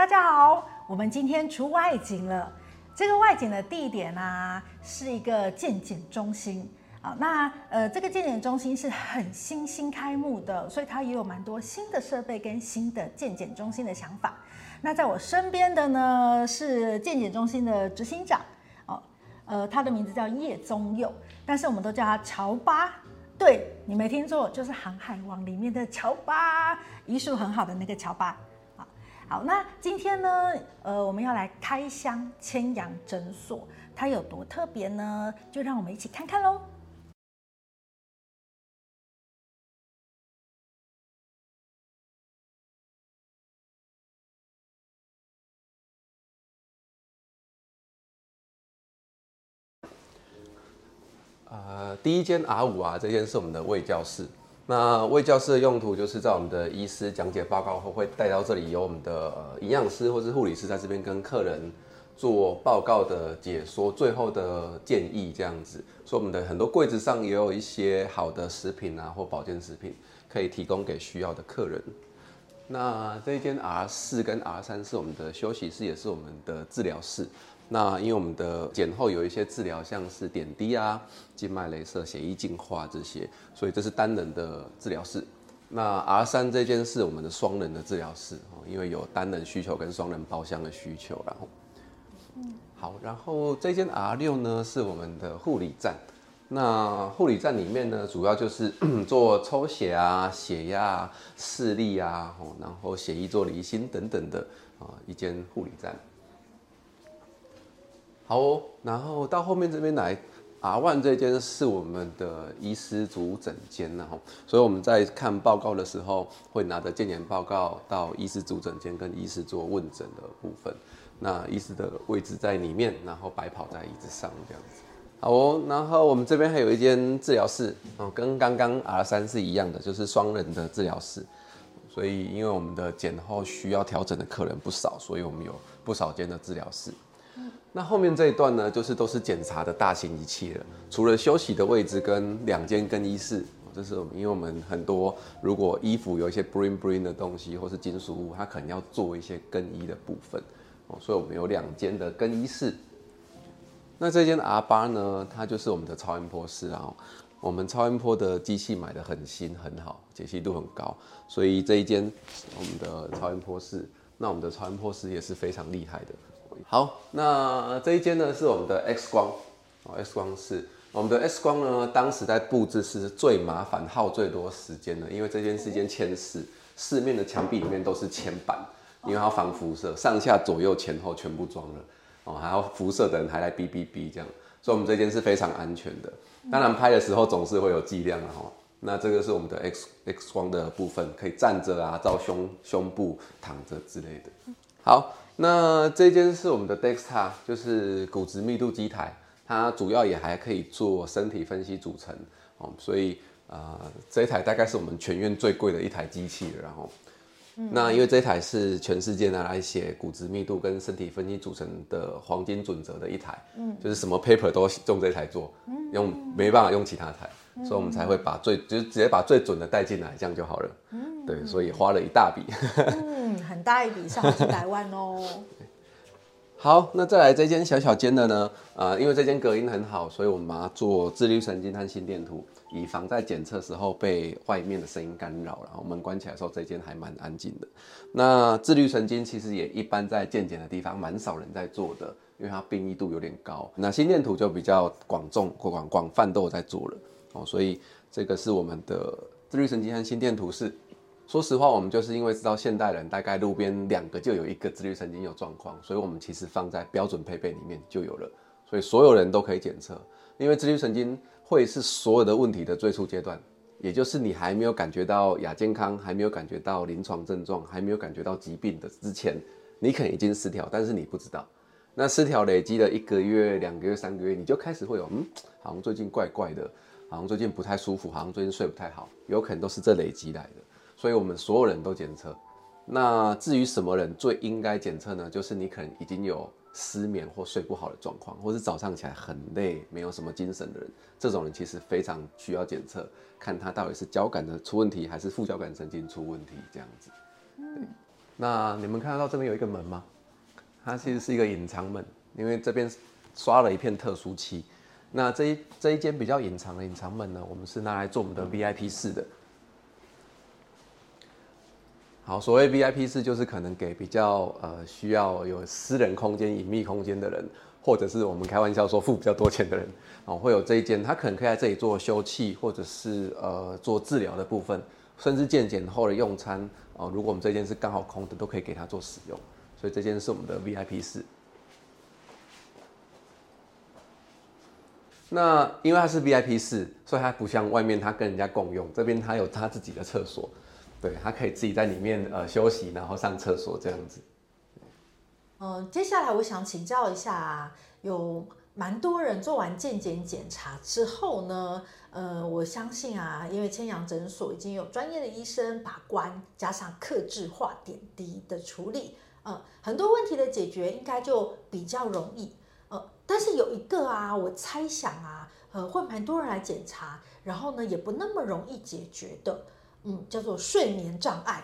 大家好，我們今天出外景了。這個外景的地點呢、啊，是一個健檢中心。啊、哦，那呃，這個健檢中心是很新、新開幕的，所以它也有蠻多新的設備跟新的健檢中心的想法。那在我身邊的呢，是健檢中心的執行長。哦，呃，他的名字叫葉宗佑，但是我們都叫他喬巴。對，你沒聽錯，就是《航海王》裡面的喬巴，醫術很好的那個喬巴。好，那今天呢，呃，我們要來開箱千暘診所，它有多特別呢？就讓我們一起看看嘍。呃，第一間阿五啊，這間是我們的衛教室。那衛教室的用途就是在我們的醫師講解報告後，會帶到這裡，由我們的營養師或是護理師在這邊跟客人做報告的解說，最後的建議這樣子。所以我們的很多櫃子上也有一些好的食品啊，或保健食品，可以提供給需要的客人。那這一間 R 四跟 R 三是我們的休息室，也是我們的治療室。那因為我們的檢後有一些治療，像是點滴啊、靜脈鐳射、血液淨化這些，所以這是單人的治療室。那 R 三這間是我們的雙人的治療室哦，因為有單人需求跟雙人包廂的需求，然後好，然後這間 R 六呢是我們的護理站。那護理站裡面呢，主要就是 做抽血啊、血壓、視力啊，然後血液做離心等等的啊，一間護理站。好哦，然後到後面這邊來，R one 這間是我們的醫師主診間然後所以我們在看報告的時候，會拿着健檢報告到醫師主診間跟醫師做問診的部分。那醫師的位置在裡面，然後白袍在椅子上這樣子。好哦，然後我們這邊還有一間治療室哦，跟剛剛 R 三是一樣的，就是雙人的治療室。所以因為我們的檢後需要調整的客人不少，所以我們有不少間的治療室。那後面這一段呢，就是都是檢查的大型儀器了。除了休息的位置跟兩間更衣室，這是我們，因為我們很多如果衣服有一些 bling bling 的東西或是金屬物，它可能要做一些更衣的部分哦，所以我們有兩間的更衣室。那這間 R8 呢，它就是我們的超音波室啊。我們超音波的機器買的很新很好，解析度很高，所以這一間我們的超音波室，那我們的超音波室也是非常厲害的。好，那這一間呢是我們的 X 光哦，X 光室。我們的 X 光呢，當時在布置是最麻煩、耗最多時間的，因為這間是間鉛室，四面的牆壁裡面都是鉛板，因為它防輻射，上下左右前後全部裝了哦，還要輻射的人還來嗶嗶嗶這樣，所以我們這間是非常安全的。當然拍的時候總是會有劑量的。哈。那這個是我們的 X X 光的部分，可以站着啊照胸胸部，躺着之類的。好。那這間是我們的 DEXA，就是骨質密度機台，它主要也還可以做身體分析組成哦，所以，呃，這一台大概是我們全院最貴的一台機器了，然後那因為這一台是全世界拿來寫骨質密度跟身體分析組成的黃金準則的一台，嗯，就是什麼 paper 都用這一台做，用沒辦法用其他台，所以我們才會把最，就是直接把最準的帶進來，這樣就好了。對，所以花了一大筆， 嗯，很大一筆，上百萬哦。 好，那再來這間小小間的呢，呃，因為這間隔音很好，所以我們要做自律神經和心電圖，以防在檢測時候被外面的聲音干擾。然後門關起來的時候，這間還蠻安靜的。那自律神經其實也一般在健檢的地方蠻少人在做的，因為它變異度有點高。那心電圖就比較廣眾或廣廣泛都有在做了哦，所以這個是我們的自律神經和心電圖是。說實話，我們就是因為知道現代人大概路邊兩個就有一個自律神經有狀況，所以我們其實放在標準配備裡面就有了，所以所有人都可以檢測。因為自律神經會是所有的問題的最初階段，也就是你還沒有感覺到亞健康，還沒有感覺到臨床症狀，還沒有感覺到疾病的之前，你可能已經失調，但是你不知道。那失調累積了一個月、兩個月、三個月，你就開始會有，嗯，好像最近怪怪的，好像最近不太舒服，好像最近睡不太好，有可能都是這累積來的。所以我們所有人都檢測。那至於什麼人最應該檢測呢？就是你可能已經有失眠或睡不好的狀況，或是早上起來很累、沒有什麼精神的人，這種人其實非常需要檢測，看他到底是交感的出問題，還是副交感神經出問題這樣子。對。那你們看得到這邊有一個門嗎？它其實是一個隱藏門，因為這邊刷了一片特殊漆。那這一這一間比較隱藏的隱藏門呢，我們是拿來做我們的 VIP 室的。好，所謂 VIP 室就是可能給比較呃需要有私人空間、隱秘空間的人，或者是我們開玩笑說付比較多錢的人，哦、呃，會有這一間，他可能可以在這裡做休憩，或者是呃做治療的部分，甚至健檢後的用餐、呃，如果我們這間是剛好空的，都可以給他做使用。所以這間是我們的 VIP 室。那因為它是 VIP 室，所以它不像外面，它跟人家共用，這邊它有它自己的廁所。對，他可以自己在裡面呃休息，然後上廁所這樣子、呃。接下來我想請教一下、啊，有蠻多人做完健檢檢查之後呢，呃，我相信啊，因為千暘診所已經有專業的醫生把關，加上客製化點滴的處理、呃，很多問題的解決應該就比較容易。呃，但是有一個啊，我猜想啊，呃，會蠻多人來檢查，然後呢也不那麼容易解決的。嗯，叫做睡眠障礙。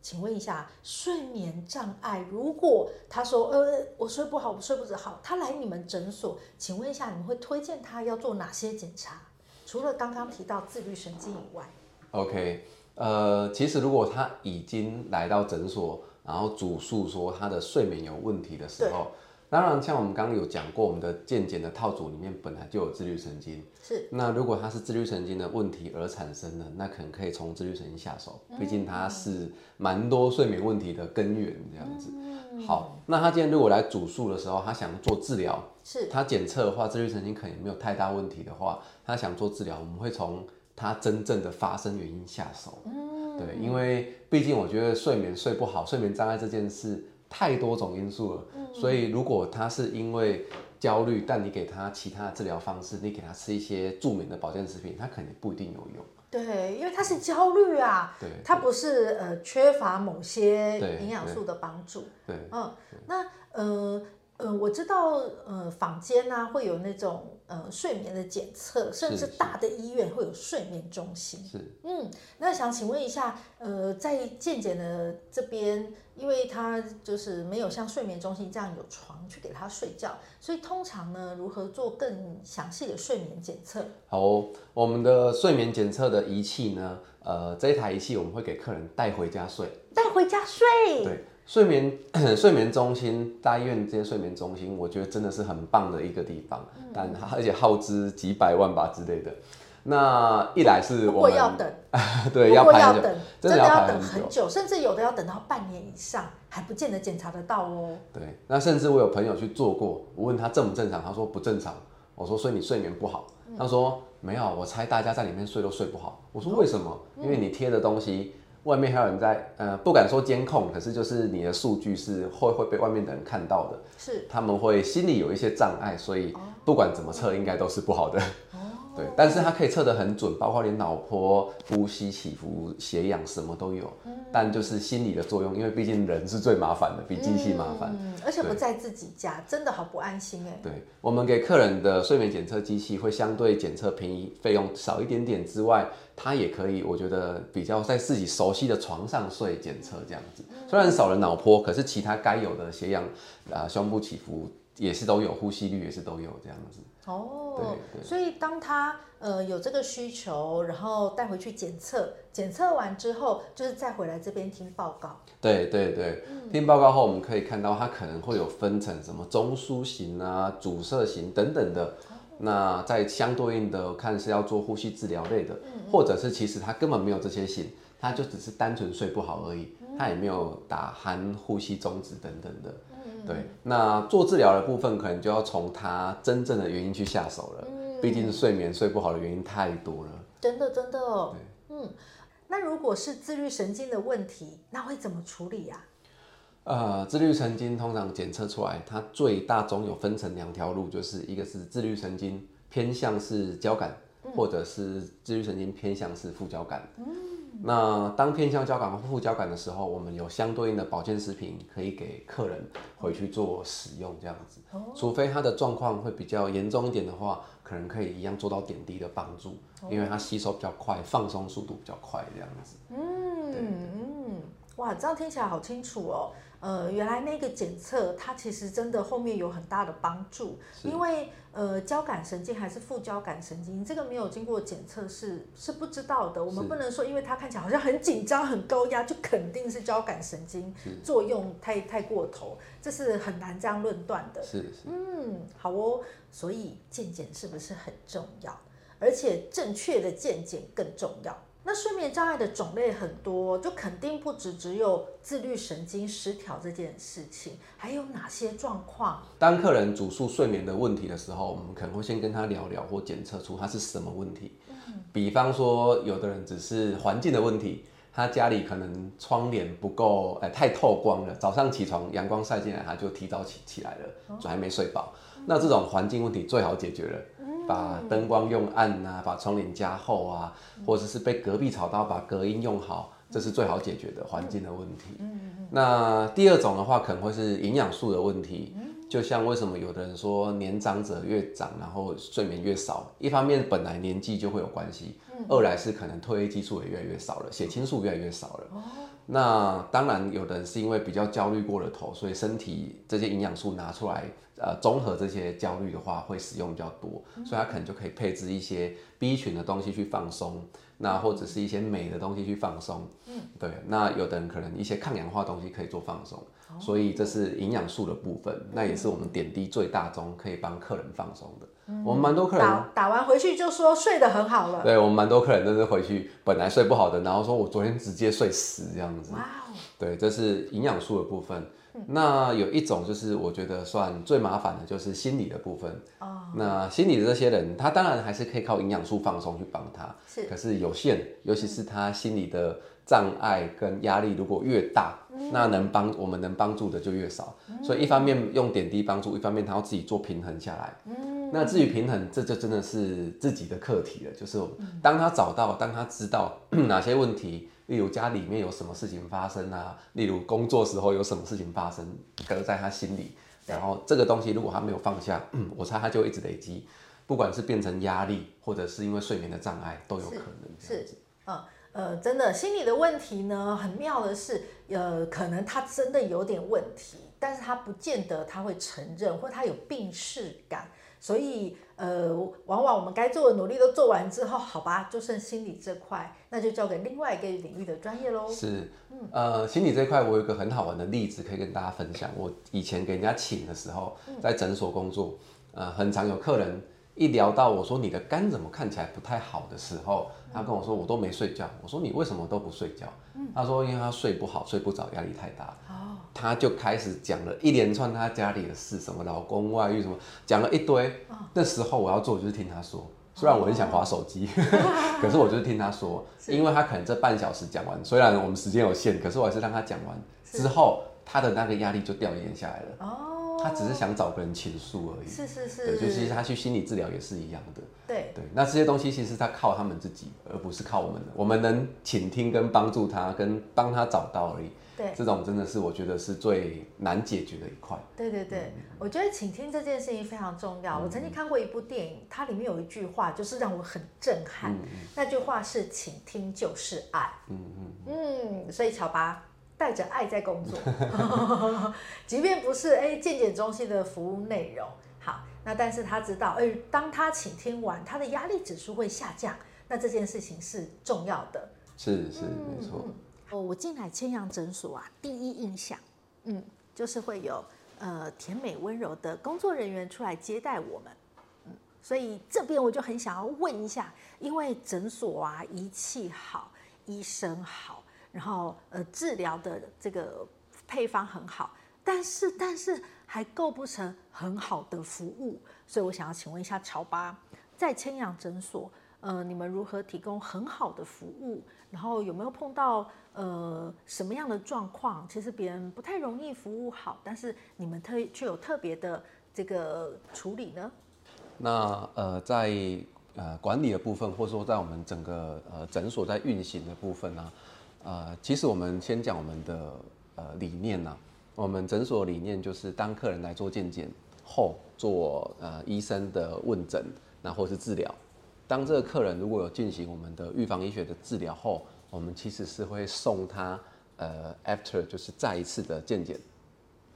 請問一下，睡眠障礙，如果他說呃，我睡不好，我睡不着好，他來你們診所，請問一下，你們會推薦他要做哪些檢查？除了剛剛提到自律神經以外，OK，呃，其實如果他已經來到診所，然後主訴說他的睡眠有問題的時候。當然，像我們剛剛有講過，我們的健檢的套組裡面本來就有自律神經。是。那如果它是自律神經的問題而產生的，那可能可以從自律神經下手，嗯、畢竟它是蠻多睡眠問題的根源這樣子。嗯、好，那他今天如果來主訴的時候，他想做治療，是他檢測的話，自律神經可能沒有太大問題的話，他想做治療，我們會從他真正的發生原因下手。嗯、對，因為畢竟我覺得睡眠睡不好，睡眠障礙這件事。太多種因素了，嗯，所以如果他是因為焦慮，但你給他其他的治療方式，你給他吃一些助眠的保健食品，他肯定不一定有用啊。對，因為他是焦慮啊，嗯對，對，他不是、呃、缺乏某些營養素的幫助。對，嗯，那呃，呃我知道呃坊間啊會有那種。呃，睡眠的檢測，甚至大的醫院會有睡眠中心。是，是，嗯，那想請問一下，呃，在健檢的這邊，因為他就是沒有像睡眠中心這樣有床去給他睡覺，所以通常呢，如何做更詳細的睡眠檢測？好哦，我們的睡眠檢測的儀器呢，呃，這一台儀器我們會給客人帶回家睡，帶回家睡，對。睡眠 睡眠中心，大醫院這些睡眠中心，我覺得真的是很棒的一個地方，嗯、但而且耗資幾百萬吧之類的。那一來是我們要等， 對，如果要等要排，真的要等，很，很，很久，甚至有的要等到半年以上，還不見得檢查得到哦。對，那甚至我有朋友去做過，我問他正不正常，他說不正常。我說，我說，所以你睡眠不好，嗯、他說沒有，我猜大家在裡面睡都睡不好。我說為什麼？哦嗯、因為你貼的東西。外面還有人在，呃，不敢說監控，可是就是你的數據是會會被外面的人看到的，是，他們會心裡有一些障礙，所以不管怎麼測，應該都是不好的。對，但是它可以測得很準，包括連腦波、呼吸起伏、血氧什麼都有。嗯，但就是心理的作用，因為畢竟人是最麻煩的，比機器麻煩。嗯，而且不在自己家，真的好不安心哎。對，我們給客人的睡眠檢測機器，會相對檢測便宜，費用少一點點之外，它也可以，我覺得比較在自己熟悉的床上睡檢測這樣子。雖然少了腦波，可是其他該有的血氧、啊、呃、胸部起伏也是都有，呼吸率也是都有這樣子。哦、oh，所以當他呃有這個需求，然後帶回去檢測，檢測完之後就是再回來這邊聽報告。對對對、嗯，聽報告後我們可以看到他可能會有分成什麼中樞型啊、阻塞型等等的、哦。那在相對應的我看是要做呼吸治療類的，嗯嗯，或者是其實他根本沒有這些型，他就只是單純睡不好而已，他也沒有打鼾、呼吸中止等等的，嗯、對。那做治療的部分，可能就要從他真正的原因去下手了。嗯，畢竟是睡眠睡不好的原因太多了。真的，真的哦。嗯，那如果是自律神經的問題，那會怎麼處理呀、啊？呃，自律神經通常檢測出來，它最大宗有分成兩條路，就是一個是自律神經偏向是交感、嗯，或者是自律神經偏向是副交感。嗯。那當偏向交感和副交感的時候，我們有相對應的保健食品可以給客人回去做使用，這樣子。哦、除非他的狀況會比較嚴重一點的話，可能可以一樣做到點滴的幫助、哦，因為它吸收比較快，放鬆速度比較快，這樣子。嗯嗯嗯，對對對，哇，這樣聽起來好清楚哦。呃，原來那個檢測，它其實真的後面有很大的幫助，因為呃，交感神經還是副交感神經，這個沒有經過檢測是是不知道的。我們不能說，因為它看起來好像很緊張、很高壓，就肯定是交感神經作用太太過頭，這是很難這樣論斷的。是是，嗯，好哦，所以健檢是不是很重要？而且正確的健檢更重要。那睡眠障礙的種類很多，就肯定不止只有自律神經失調這件事情，還有哪些狀況？當客人主訴睡眠的問題的時候，我們可能會先跟他聊聊，或檢測出他是什麼問題。嗯。比方說，有的人只是環境的問題，他家裡可能窗簾不夠，欸，太透光了，早上起床陽光曬進來，他就提早起起來了，就還沒睡飽。嗯。那這種環境問題最好解決了。把燈光用暗啊，把窗簾加厚啊，或者是被隔壁吵到，把隔音用好，這是最好解決的環境的問題。那第二種的話，可能會是營養素的問題。就像為什麼有的人說年長者越長，然後睡眠越少，一方面本來年紀就會有關係，二來是可能褪黑激素也越來越少了，血清素越來越少了。那當然，有的人是因為比較焦慮過了頭，所以身體這些營養素拿出來，呃，綜合這些焦慮的話，會使用比較多，嗯，所以他可能就可以配置一些 B 群的東西去放鬆，那或者是一些鎂的東西去放鬆。嗯，對，那有的人可能一些抗氧化東西可以做放鬆，嗯，所以這是營養素的部分，那也是我們點滴最大宗可以幫客人放鬆的。我們蠻多客人、嗯、打，打完回去就說睡得很好了。對，我們蠻多客人都是回去本來睡不好的，然後說我昨天直接睡死這樣子。哇哦！對，這是營養素的部分。嗯、那有一種就是我覺得算最麻煩的就是心理的部分。哦。那心理的這些人，他當然還是可以靠營養素放鬆去幫他，是。可是有限，尤其是他心理的障礙跟壓力如果越大。那能幫我們能幫助的就越少，所以一方面用點滴幫助，一方面他要自己做平衡下來。那至於平衡，這就真的是自己的課題了。就是當他找到，當他知道哪些問題，例如家裡面有什麼事情發生啊，例如工作時候有什麼事情發生，可能在他心裡，然後這個東西如果他沒有放下，我猜他就一直累積，不管是變成壓力，或者是因為睡眠的障礙都有可能這樣子。呃，真的心理的問題呢，很妙的是，呃，可能他真的有點問題，但是他不見得他會承認，或他有病識感，所以，呃，往往我們該做的努力都做完之後，好吧，就剩心理這塊，那就交給另外一個領域的專業嘍。是，呃，心理這塊我有一個很好玩的例子可以跟大家分享。我以前給人家請的時候，在診所工作，呃，很常有客人。一聊到我說你的肝怎麼看起來不太好的時候，嗯，他跟我說我都沒睡覺。我說你為什麼都不睡覺？嗯、他說因為他睡不好，睡不着，壓力太大。哦，他就開始講了一連串他家裡的事，什麼老公外遇什麼，講了一堆。哦，那時候我要做就是聽他說，雖然我很想滑手機，哦。 可是我就是聽他說，因為他可能這半小時講完，雖然我們時間有限，可是我還是讓他講完之後，他的那個壓力就掉一點下來了。哦他只是想找個人傾訴而已，是是是，就其、是、實他去心理治療也是一樣的，對對。那這些東西其實他靠他們自己，而不是靠我們的。我們能傾聽跟幫助他，跟幫他找到而已。對，這種真的是我覺得是最難解決的一塊。對對對，嗯、我覺得傾聽這件事情非常重要、嗯。我曾經看過一部電影，它裡面有一句話就是讓我很震撼。嗯嗯，那句話是“傾聽就是愛”。嗯嗯嗯，所以喬巴。帶着愛在工作 即便不是哎健檢中心的服務內容，好，那但是他知道，哎，當他傾聽完，他的壓力指數會下降，那這件事情是重要的，是是、嗯、沒錯。哦、嗯，我進來千暘診所啊，第一印象，嗯，就是會有呃甜美溫柔的工作人員出來接待我們，嗯，所以這邊我就很想要問一下，因為診所啊，儀器好，醫生好。然後，呃，治療的這個配方很好，但是但是還構不成很好的服務，所以我想要請問一下喬巴，在千暘診所，呃，你們如何提供很好的服務？然後有沒有碰到呃什麼樣的狀況？其實別人不太容易服務好，但是你們特卻有特別的這個處理呢？那呃，在呃管理的部分，或者說在我們整個呃診所在運行的部分呢、啊？呃，其實我們先講我們的呃理念呢、啊。我們診所的理念就是，當客人來做健檢後做，做呃醫生的問診，然、啊、或是治療。當這個客人如果有進行我們的預防醫學的治療後，我們其實是會送他呃 after 就是再一次的健檢，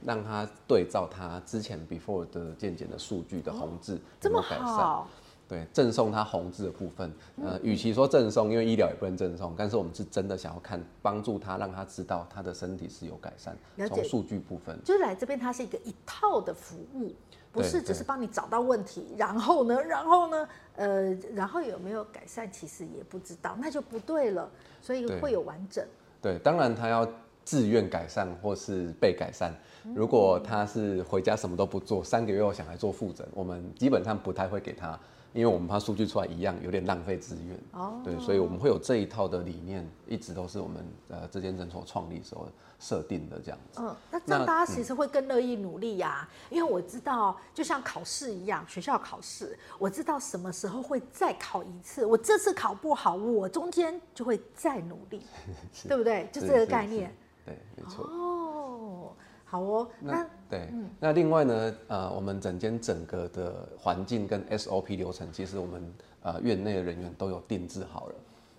讓他對照他之前 before 的健檢的數據的紅字有沒有改善、哦，這麼好。對，贈送他紅字的部分，嗯、呃，與其說贈送，因為醫療也不能贈送，但是我們是真的想要看，幫助他，讓他知道他的身體是有改善。了解。從數據部分，就是來這邊，它是一個一套的服務，不是只是幫你找到問題，然後呢，然後呢，呃，然後有沒有改善，其實也不知道，那就不對了，所以會有完整。對，對當然他要自願改善或是被改善，如果他是回家什麼都不做，嗯嗯三個月後想來做複診，我們基本上不太會給他。因為我們怕數據出來一樣，有點浪費資源。哦、oh.，對，所以我們會有這一套的理念，一直都是我們呃，這間診所創立時候設定的這樣子。嗯，那這樣大家其實會更樂意努力呀、啊嗯，因為我知道，就像考試一樣，學校考試，我知道什麼時候會再考一次。我這次考不好，我中間就會再努力， 對不對？就這個概念。對，沒錯。哦，好哦，那。那對，那另外呢，呃，我們整間整個的環境跟 SOP 流程，其實我們呃院內的人員都有定制好了。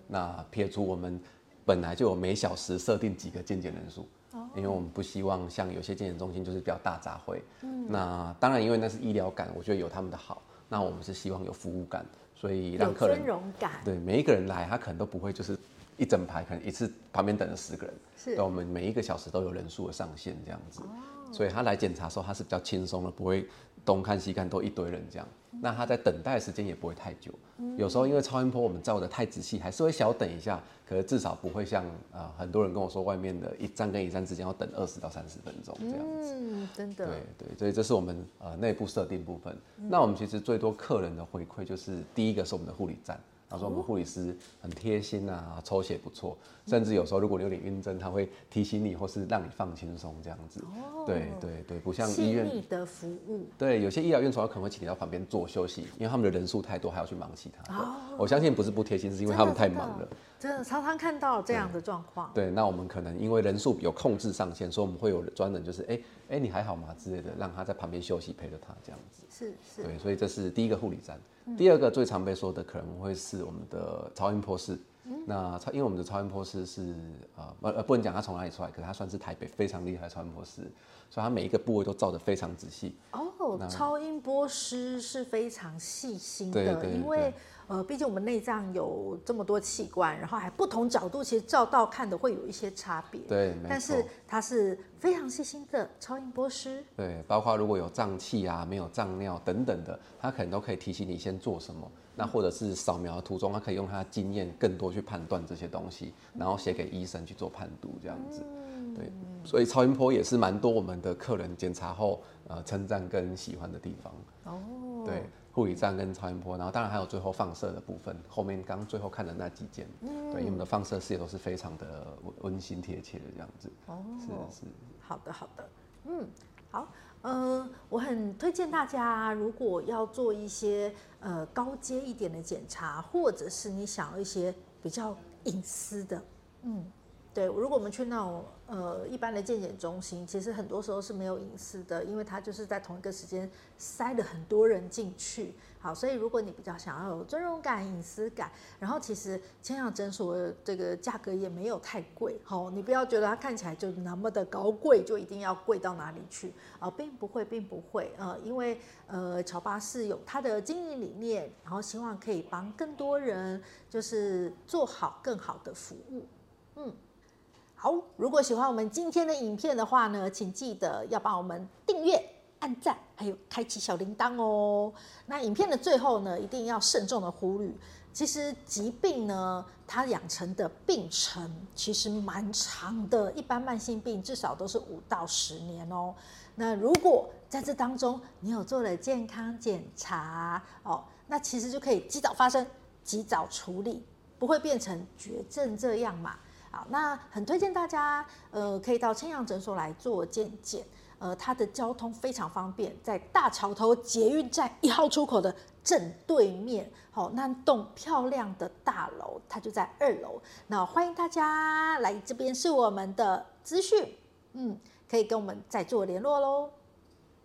那撇除我們本來就有每小時設定幾個健檢人數，哦，因為我們不希望像有些健檢中心就是比較大雜燴，嗯。那當然，因為那是醫療感，我覺得有他們的好。那我們是希望有服務感，所以讓客人有尊榮感。對每一個人來，他可能都不會就是一整排，可能一次旁邊等了十個人。是對，我們每一個小時都有人數的上限，這樣子。哦所以他來檢查的時候，他是比較輕鬆的，不會東看西看，都一堆人這樣。那他在等待的時間也不會太久。有時候因為超音波，我們照得太仔細，還是會小等一下。可是至少不會像啊、呃，很多人跟我說外面的一站跟一站之間要等二十到三十分鐘這樣子、嗯。真的。對對，所以這是我們呃內部設定部分。那我們其實最多客人的回饋就是第一個是我們的護理站。他說：“我們護理師很貼心吶、啊，抽血不錯，甚至有時候，如果你有點暈針，他會提醒你，或是讓你放輕鬆這樣子。對對對，對，不像醫院，細膩的服務。對，有些醫療院所可能會請你到旁邊坐休息，因為他們的人數太多，還要去忙其他的、哦。我相信不是不貼心，是因為他們太忙了。的”真的常常看到這樣的狀況。對，那我們可能因為人數有控制上限，所以我們會有專人，就是哎哎、欸欸，你還好嗎之類的，讓他在旁邊休息，陪着他這樣子。是是。對，所以這是第一個護理站、嗯。第二個最常被說的可能會是我們的超音波師、嗯。那超，因為我們的超音波師是呃，不能講他從哪裡出來，可是他算是台北非常厲害的超音波師，所以他每一個部位都照得非常仔細。哦。超音波師是非常細心的，因為呃，畢竟我們內臟有這麼多器官，然後還不同角度其實照到看的會有一些差別。對，但是他是非常細心的超音波師。對，包括如果有脹氣啊、沒有脹尿等等的，他可能都可以提醒你先做什麼。那或者是掃描的途中，他可以用他的經驗更多去判斷這些東西，然後寫給醫生去做判讀這樣子、嗯。對，所以超音波也是蠻多我們的客人檢查後。呃，稱讚跟喜歡的地方哦，oh. 對，護理站跟超音波，然後當然還有最後放射的部分，後面剛最後看的那幾間，mm. 對，你們的放射室也都是非常的溫馨貼切的這樣子哦、oh.，是是，好的好的，嗯，好，嗯、呃，我很推薦大家，如果要做一些呃高階一點的檢查，或者是你想要一些比較隱私的，嗯。對，如果我們去那種呃一般的健檢中心，其實很多時候是沒有隱私的，因為它就是在同一個時間塞了很多人進去。好，所以如果你比較想要有尊榮感、隱私感，然後其實千暘診所這個價格也沒有太貴，好、哦，你不要覺得它看起來就那麼的高貴，就一定要貴到哪裡去啊、哦，並不會，並不會，呃，因為呃喬巴是有他的經營理念，然後希望可以幫更多人就是做好更好的服務，嗯。好，如果喜歡我們今天的影片的話呢，請記得要幫我們訂閱、按讚，還有開啟小鈴鐺哦。那影片的最後呢，一定要慎重的呼籲。其實疾病呢，它養成的病程其實蠻長的，一般慢性病至少都是五到十年哦。那如果在這當中你有做了健康檢查哦，那其實就可以及早發生、及早處理，不會變成絕症這樣嘛。好，那很推薦大家，呃，可以到千暘診所來做健檢，呃，它的交通非常方便，在大橋頭捷運站一號出口的正對面，好，哦，那棟漂亮的大樓它就在二樓，那歡迎大家來這邊，是我們的資訊，嗯，可以跟我們再做聯絡嘍。